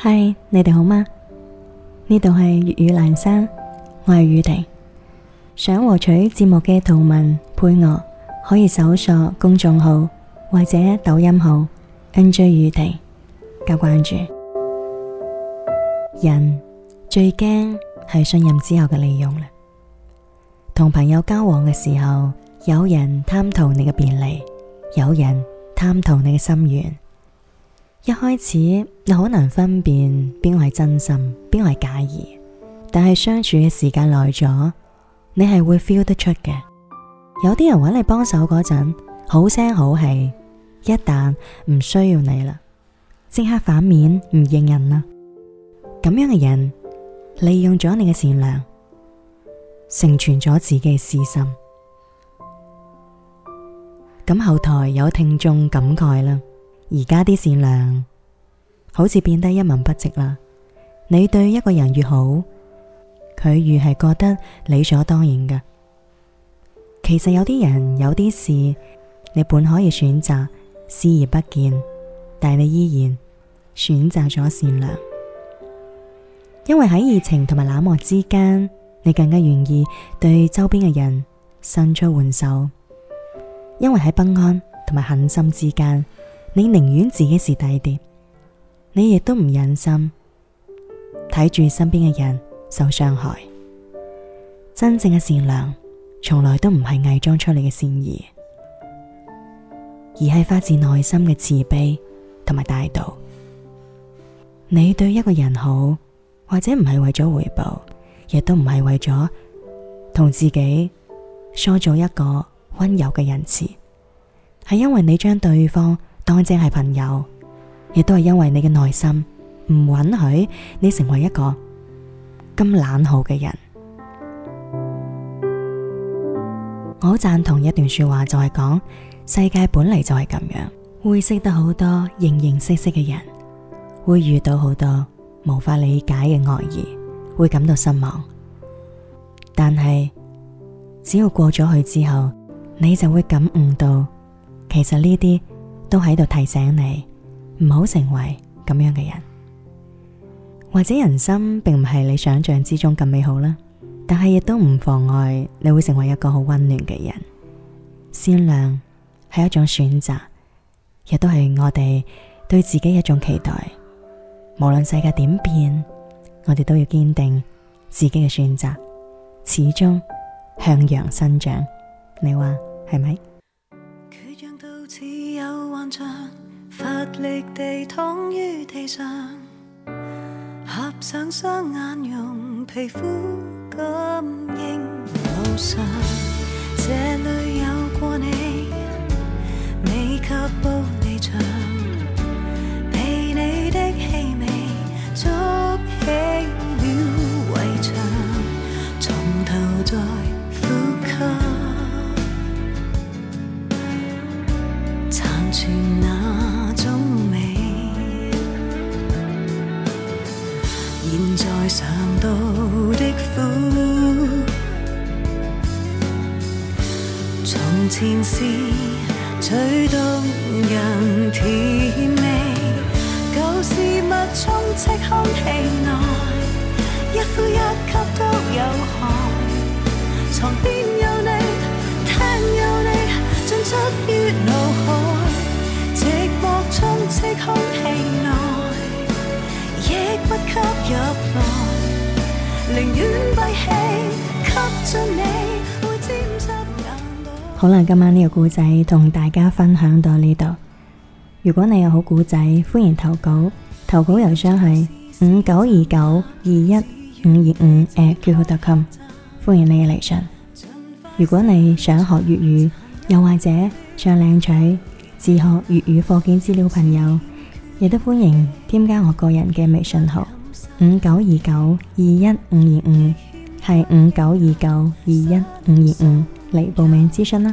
嗨，Hi, 你哋好嗎？呢度係粵語闌珊，我係宇婷。想獲取節目嘅圖文配樂，可以搜索公眾號或者抖音號 NJ 宇婷加關注。人最驚係信任之後嘅利用。同朋友交往嘅時候，有人貪圖你嘅便利，有人貪圖你嘅心軟。一開始你好難分辨邊個係真心，邊個係假意。但係相處嘅時間耐咗，你係會 feel 得出嘅。有啲人揾你幫手嗰陣好聲好氣，一旦唔需要你啦，即刻反面唔認人啦。咁樣嘅人利用咗你嘅善良，成全咗自己嘅私心。咁後台有聽眾感慨啦。而家啲善良好似變得一文不值啦。你對一個人越好，佢越係覺得理所當然㗎。其實有啲人有啲事，你本可以選擇視而不見，但你依然選擇咗善良，因為喺熱情同埋冷漠之間，你更加願意對周邊嘅人伸出援手。因為喺不安同埋狠心之間，你寧願自己蝕底啲，你亦都唔忍心睇住身邊嘅人受傷害。真正嘅善良從來都唔係偽裝出嚟嘅善意，而係發自內心嘅慈悲同埋大度。你對一個人好，或者唔係為咗回報，亦都唔係為咗同自己塑造一個溫柔嘅人設，係因為你將對方當正係朋友，亦都係因為你嘅內心唔允許你成為一個咁冷酷嘅人。 我好贊同一段話說話，就係講世界本嚟就係咁樣，會識得好多形形色色嘅人，會遇到好多無法理解嘅惡意，會感到失望。但係只要過咗去之後，你就會感悟到，其實呢啲。都喺度提醒你，唔好成為咁樣嘅人，或者人生並唔係你想象之中咁美好啦。但係亦都唔妨礙你會成為一個好溫暖嘅人。善良係一種選擇，亦都係我哋對自己一種期待。無論世界點變，我哋都要堅定自己嘅選擇，始終向陽生長。你話係咪？力地躺於地上，合上雙眼用，用皮膚感應路上。這裡有過你，未及步離場，被你的氣味築起了圍牆，從頭再呼吸，殘存。前事最動人甜味，舊事物充斥空氣內，一呼一吸都有害。床邊有你，廳有你，進出於腦海，寂寞充斥空氣內，亦不吸入來，寧願閉氣，吸進你。好啦，今晚呢個故仔同大家分享到呢度。如果你有好故仔，歡迎投稿。投稿郵箱係五九二九二一五二五，誒，特 QQ 點 com，歡迎你嚟信。如果你想學粵語，又或者想領取自學粵語課件資料，朋友亦都歡迎添加我個人嘅微信號五九二九二一五二五，係五九二九二一五二五。嚟報名諮詢啦！